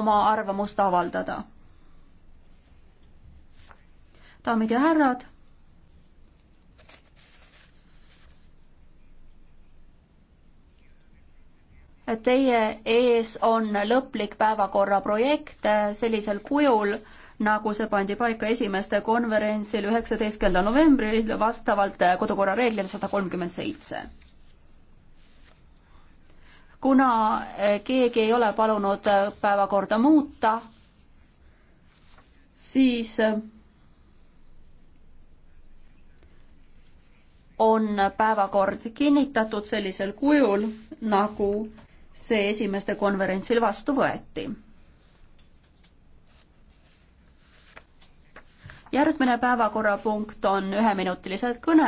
oma arvamust avaldada. daamid ja härrad. Teie ees on lõplik päevakorra projekt äh, sellisel kujul, nagu see pandi paika esimeste konverentsil üheksateistkümnendal novembril vastavalt äh, kodukorra reeglile sada kolmkümmend seitse kuna eh, keegi ei ole palunud eh, päevakorda muuta, siis eh, on päevakord kinnitatud sellisel kujul, nagu see esimeste konverentsil vastu võeti. järgmine päevakorrapunkt on üheminutilised kõned.